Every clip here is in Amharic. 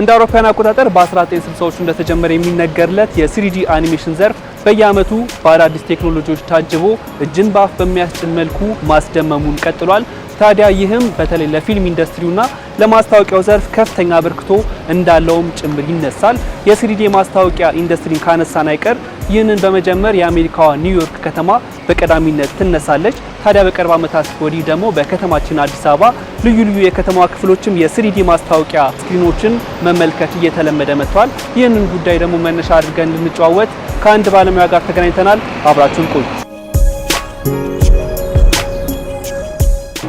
እንደ አውሮፓውያን አቆጣጠር በ1960ዎቹ እንደተጀመረ የሚነገርለት የስሪዲ አኒሜሽን ዘርፍ በየዓመቱ በአዳዲስ ቴክኖሎጂዎች ታጅቦ እጅን በአፍ በሚያስጭን መልኩ ማስደመሙን ቀጥሏል። ታዲያ ይህም በተለይ ለፊልም ኢንዱስትሪውና ለማስታወቂያው ዘርፍ ከፍተኛ አበርክቶ እንዳለውም ጭምር ይነሳል። የስሪዲ ማስታወቂያ ኢንዱስትሪን ካነሳን አይቀር ይህንን በመጀመር የአሜሪካዋ ኒውዮርክ ከተማ በቀዳሚነት ትነሳለች። ታዲያ በቅርብ ዓመታት ወዲህ ደግሞ በከተማችን አዲስ አበባ ልዩ ልዩ የከተማዋ ክፍሎችም የስሪዲ ማስታወቂያ ስክሪኖችን መመልከት እየተለመደ መጥቷል። ይህንን ጉዳይ ደግሞ መነሻ አድርገን ልንጨዋወት ከአንድ ባለሙያ ጋር ተገናኝተናል። አብራችሁን ቆዩ።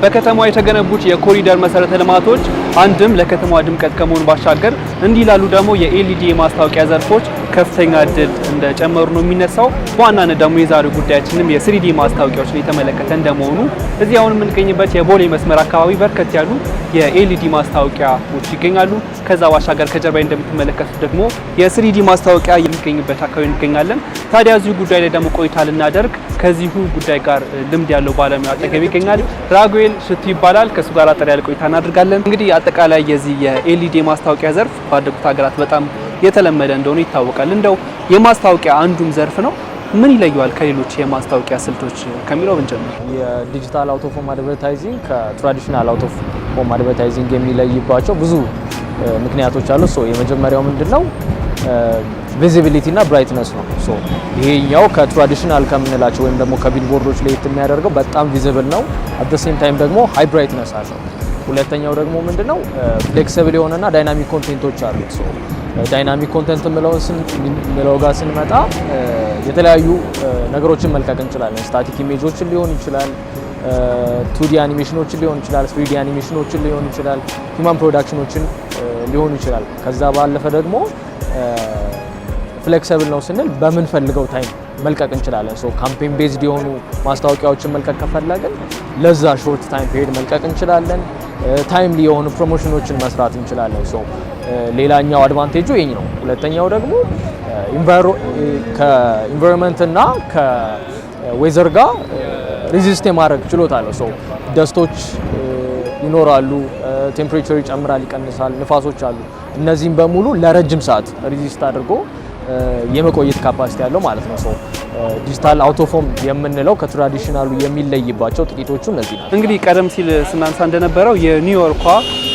በከተማዋ የተገነቡት የኮሪደር መሰረተ ልማቶች አንድም ለከተማዋ ድምቀት ከመሆን ባሻገር እንዲህ ላሉ ደግሞ የኤልኢዲ የማስታወቂያ ዘርፎች ከፍተኛ እድል እንደጨመሩ ነው የሚነሳው። በዋናነት ደግሞ የዛሬው ጉዳያችንም የስሪዲ ማስታወቂያዎችን የተመለከተ እንደመሆኑ እዚህ አሁን የምንገኝበት የቦሌ መስመር አካባቢ በርከት ያሉ የኤልዲ ማስታወቂያዎች ይገኛሉ። ከዛ ባሻገር ከጀርባ እንደምትመለከቱት ደግሞ የስሪዲ ማስታወቂያ የሚገኝበት አካባቢ እንገኛለን። ታዲያ እዚሁ ጉዳይ ላይ ደግሞ ቆይታ ልናደርግ ከዚሁ ጉዳይ ጋር ልምድ ያለው ባለሙያ አጠገብ ይገኛል። ራጉኤል ሽቱ ይባላል። ከእሱ ጋር አጠር ያለ ቆይታ እናደርጋለን። እንግዲህ አጠቃላይ የዚህ የኤልዲ ማስታወቂያ ዘርፍ ባደጉት ሀገራት በጣም የተለመደ እንደሆነ ይታወቃል። እንደው የማስታወቂያ አንዱም ዘርፍ ነው። ምን ይለየዋል ከሌሎች የማስታወቂያ ስልቶች ከሚለው ብንጀምር? የዲጂታል አውት ኦፍ ሆም አድቨርታይዚንግ ከትራዲሽናል አውት ኦፍ ሆም አድቨርታይዚንግ የሚለይባቸው ብዙ ምክንያቶች አሉ። ሶ የመጀመሪያው ምንድነው? ቪዚቢሊቲ እና ብራይትነስ ነው። ሶ ይሄኛው ከትራዲሽናል ከምንላቸው ወይም ደግሞ ከቢልቦርዶች ለየት የሚያደርገው በጣም ቪዚብል ነው። አት ሴም ታይም ደግሞ ሃይ ብራይትነስ አለው። ሁለተኛው ደግሞ ምንድነው? ፍሌክሲብል የሆነና ዳይናሚክ ኮንቴንቶች አሉት። ዳይናሚክ ኮንተንት ምለው ጋር ስንመጣ የተለያዩ ነገሮችን መልቀቅ እንችላለን። ስታቲክ ኢሜጆችን ሊሆን ይችላል፣ ቱዲ አኒሜሽኖችን ሊሆን ይችላል፣ ስሪዲ አኒሜሽኖችን ሊሆን ይችላል፣ ሂማን ፕሮዳክሽኖችን ሊሆን ይችላል። ከዛ ባለፈ ደግሞ ፍሌክሰብል ነው ስንል በምንፈልገው ታይም መልቀቅ እንችላለን። ሶ ካምፔን ቤዝድ የሆኑ ማስታወቂያዎችን መልቀቅ ከፈለግን ለዛ ሾርት ታይም ፔሪድ መልቀቅ እንችላለን። ታይምሊ የሆኑ ፕሮሞሽኖችን መስራት እንችላለን። ሶ ሌላኛው አድቫንቴጁ ይህ ነው። ሁለተኛው ደግሞ እና ከዌዘር ጋር ሪዚስት የማድረግ ችሎታ አለው። ሶ ደስቶች ይኖራሉ፣ ቴምፕሬቸር ይጨምራል፣ ይቀንሳል፣ ንፋሶች አሉ። እነዚህም በሙሉ ለረጅም ሰዓት ሪዚስት አድርጎ የመቆየት ካፓሲቲ ያለው ማለት ነው። ዲጂታል አውቶፎም የምንለው ከትራዲሽናሉ የሚለይባቸው ጥቂቶቹ እነዚህ ናቸው። እንግዲህ ቀደም ሲል ስናንሳ እንደነበረው የኒውዮርኳ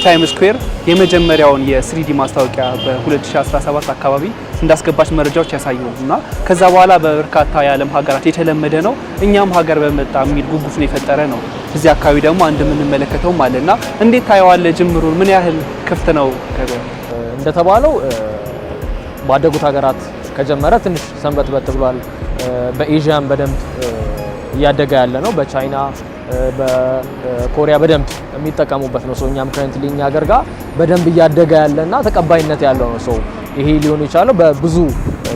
ታይም ስኩዌር የመጀመሪያውን የስሪዲ ማስታወቂያ በ2017 አካባቢ እንዳስገባች መረጃዎች ያሳያሉ እና ከዛ በኋላ በበርካታ የዓለም ሀገራት የተለመደ ነው። እኛም ሀገር በመጣ የሚል ጉጉትን የፈጠረ ነው። እዚህ አካባቢ ደግሞ አንድ የምንመለከተውም አለ እና እንዴት ታየዋለ? ጅምሩን ምን ያህል ክፍት ነው? እንደተባለው ባደጉት ሀገራት ከጀመረ ትንሽ ሰንበት በት ብሏል። በኤዥያም በደንብ እያደገ ያለ ነው። በቻይና በኮሪያ በደንብ የሚጠቀሙበት ነው። ሰው እኛም ክረንትሊ እኛ ሀገር ጋር በደንብ እያደገ ያለና ተቀባይነት ያለው ነው። ሰው ይሄ ሊሆን የቻለው በብዙ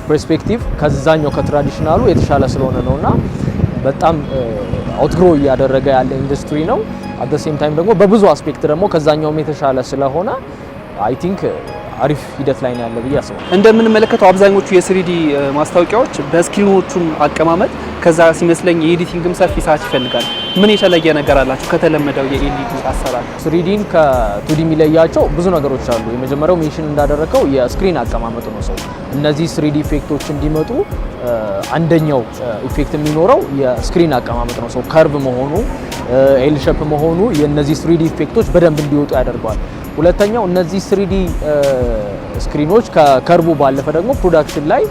ፐርስፔክቲቭ ከዛኛው ከትራዲሽናሉ የተሻለ ስለሆነ ነው እና በጣም አውትግሮ እያደረገ ያለ ኢንዱስትሪ ነው። አት ሴም ታይም ደግሞ በብዙ አስፔክት ደግሞ ከዛኛውም የተሻለ ስለሆነ አይ ቲንክ አሪፍ ሂደት ላይ ነው ያለው ብዬ አስባለሁ። እንደምንመለከተው አብዛኞቹ የስሪዲ ማስታወቂያዎች በስክሪኖቹም አቀማመጥ ከዛ ሲመስለኝ የኤዲቲንግም ሰፊ ሰዓት ይፈልጋል። ምን የተለየ ነገር አላቸው ከተለመደው የኤልኢዲ አሰራር? ስሪዲን ከቱዲ የሚለያቸው ብዙ ነገሮች አሉ። የመጀመሪያው ሜንሽን እንዳደረገው የስክሪን አቀማመጡ ነው። ሰው እነዚህ ስሪዲ ኢፌክቶች እንዲመጡ አንደኛው ኢፌክት የሚኖረው የስክሪን አቀማመጥ ነው። ሰው ከርቭ መሆኑ ኤልሸፕ መሆኑ የእነዚህ ስሪዲ ኢፌክቶች በደንብ እንዲወጡ ያደርገዋል። ሁለተኛው እነዚህ ስሪዲ ስክሪኖች ከከርቡ ባለፈ ደግሞ ፕሮዳክሽን ላይ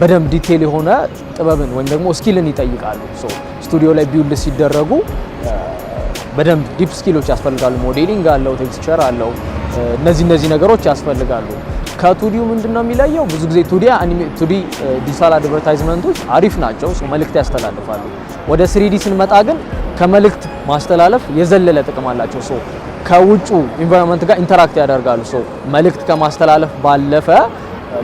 በደንብ ዲቴል የሆነ ጥበብን ወይም ደግሞ ስኪልን ይጠይቃሉ። ስቱዲዮ ላይ ቢውል ሲደረጉ በደንብ ዲፕ ስኪሎች ያስፈልጋሉ። ሞዴሊንግ አለው፣ ቴክስቸር አለው። እነዚህ እነዚህ ነገሮች ያስፈልጋሉ። ከቱዲው ምንድን ነው የሚለየው? ብዙ ጊዜ ቱዲ ዲጂታል አድቨርታይዝመንቶች አሪፍ ናቸው፣ መልእክት ያስተላልፋሉ። ወደ ስሪዲ ስንመጣ ግን ከመልእክት ማስተላለፍ የዘለለ ጥቅም አላቸው። ከውጩ ኢንቫይሮንመንት ጋር ኢንተራክት ያደርጋሉ። ሶ መልእክት ከማስተላለፍ ባለፈ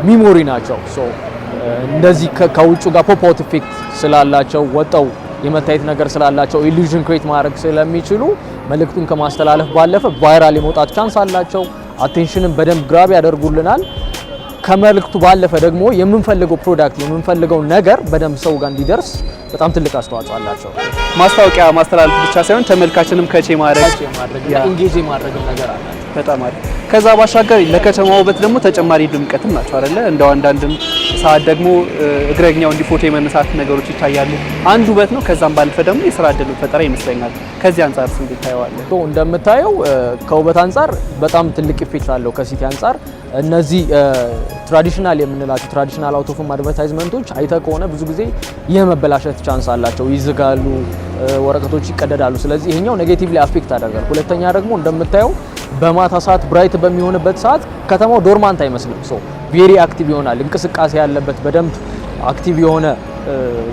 ሚሞሪ uh, ናቸው። ሶ uh, እንደዚህ ከውጩ ጋር ፖፕ አውት ኢፌክት ስላላቸው ወጠው የመታየት ነገር ስላላቸው ኢሉዥን ክሬት ማድረግ ስለሚችሉ መልእክቱን ከማስተላለፍ ባለፈ ቫይራል የመውጣት ቻንስ አላቸው። አቴንሽንን በደንብ ግራብ ያደርጉልናል። ከመልክቱ ባለፈ ደግሞ የምንፈልገው ፕሮዳክት የምንፈልገው ነገር በደንብ ሰው ጋር እንዲደርስ በጣም ትልቅ አስተዋጽኦ አላቸው። ማስታወቂያ ማስተላለፍ ብቻ ሳይሆን ተመልካችንም ከቼ ማድረግ ኢንጌጅ ማድረግ ነገር አላቸው። በጣም አሪፍ። ከዛ ባሻገር ለከተማ ውበት ደግሞ ተጨማሪ ድምቀትም ናቸው አይደለ? እንደው አንዳንድም ሰዓት ደግሞ እግረኛው እንዲ ፎቶ የመነሳት ነገሮች ይታያሉ። አንድ ውበት ነው። ከዛም ባለፈ ደግሞ የስራ እድል ፈጠራ ይመስለኛል። ከዚህ አንጻር ስንት ይታየዋለን? እንደምታየው ከውበት አንጻር በጣም ትልቅ ኢፌክት አለው ከሲቲ አንጻር እነዚህ ትራዲሽናል የምንላቸው ትራዲሽናል አውት ኦፍ አድቨርታይዝመንቶች አይተ ከሆነ ብዙ ጊዜ የመበላሸት ቻንስ አላቸው፣ ይዝጋሉ፣ ወረቀቶች ይቀደዳሉ። ስለዚህ ይሄኛው ኔጌቲቭሊ አፌክት አደርጋል። ሁለተኛ ደግሞ እንደምታየው በማታ ሰዓት ብራይት በሚሆንበት ሰዓት ከተማው ዶርማንት አይመስልም። ሶ ቬሪ አክቲቭ ይሆናል። እንቅስቃሴ ያለበት በደንብ አክቲቭ የሆነ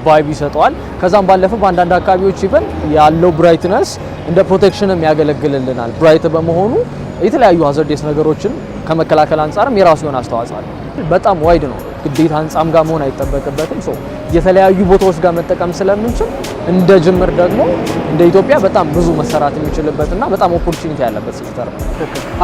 ቫይብ ይሰጠዋል። ከዛም ባለፈ በአንዳንድ አካባቢዎች ይበን ያለው ብራይትነስ እንደ ፕሮቴክሽንም ያገለግልልናል። ብራይት በመሆኑ የተለያዩ ሀዘርዴስ ነገሮችን ከመከላከል አንጻርም የራሱ የሆነ አስተዋጽኦ በጣም ዋይድ ነው። ግዴታ ህንጻም ጋር መሆን አይጠበቅበትም። የተለያዩ ቦታዎች ጋር መጠቀም ስለምንችል እንደ ጅምር ደግሞ እንደ ኢትዮጵያ በጣም ብዙ መሰራት የሚችልበትና በጣም ኦፖርቹኒቲ ያለበት ሴክተር ነው።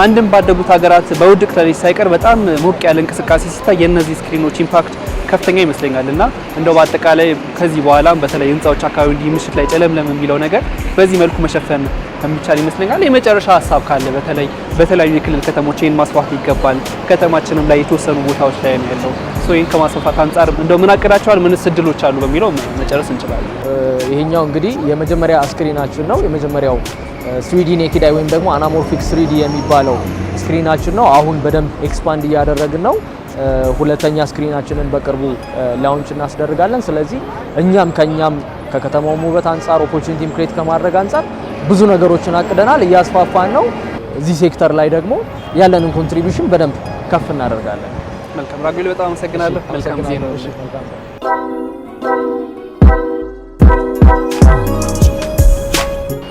አንድም ባደጉት ሀገራት በውድ ክረዲት ሳይቀር በጣም ሞቅ ያለ እንቅስቃሴ ሲታይ የእነዚህ ስክሪኖች ኢምፓክት ከፍተኛ ይመስለኛል እና እንደው በአጠቃላይ ከዚህ በኋላ በተለይ ህንፃዎች አካባቢ እንዲህ ምሽት ላይ ጨለምለም የሚለው ነገር በዚህ መልኩ መሸፈን የሚቻል ይመስለኛል። የመጨረሻ ሀሳብ ካለ በተለይ በተለያዩ የክልል ከተሞች ይህን ማስፋት ይገባል። ከተማችንም ላይ የተወሰኑ ቦታዎች ላይ ያለው ይህን ከማስፋፋት አንጻር እንደ ምን አቅዳቸዋል? ምንስ እድሎች አሉ በሚለው መጨረስ እንችላለን። ይሄኛው እንግዲህ የመጀመሪያ ስክሪናችን ነው። የመጀመሪያው ስሪዲ ኔኪዳይ ወይም ደግሞ አናሞርፊክ ስሪዲ የሚባለው ስክሪናችን ነው። አሁን በደንብ ኤክስፓንድ እያደረግን ነው። ሁለተኛ ስክሪናችንን በቅርቡ ላውንች እናስደርጋለን። ስለዚህ እኛም ከኛም ከከተማውም ውበት አንጻር ኦፖርቹኒቲም ክሬት ከማድረግ አንጻር ብዙ ነገሮችን አቅደናል፣ እያስፋፋን ነው። እዚህ ሴክተር ላይ ደግሞ ያለንን ኮንትሪቢሽን በደንብ ከፍ እናደርጋለን። መልካም ራጉል፣ በጣም አመሰግናለሁ። መልካም ጊዜ ነው።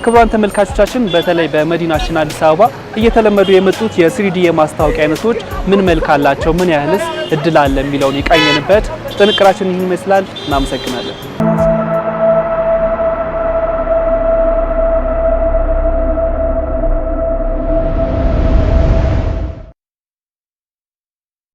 ክቡራን ተመልካቾቻችን በተለይ በመዲናችን አዲስ አበባ እየተለመዱ የመጡት የስሪዲ የማስታወቂያ አይነቶች ምን መልክ አላቸው፣ ምን ያህልስ እድል አለ የሚለውን የቃኘንበት ጥንቅራችን ይህን ይመስላል። እናመሰግናለን።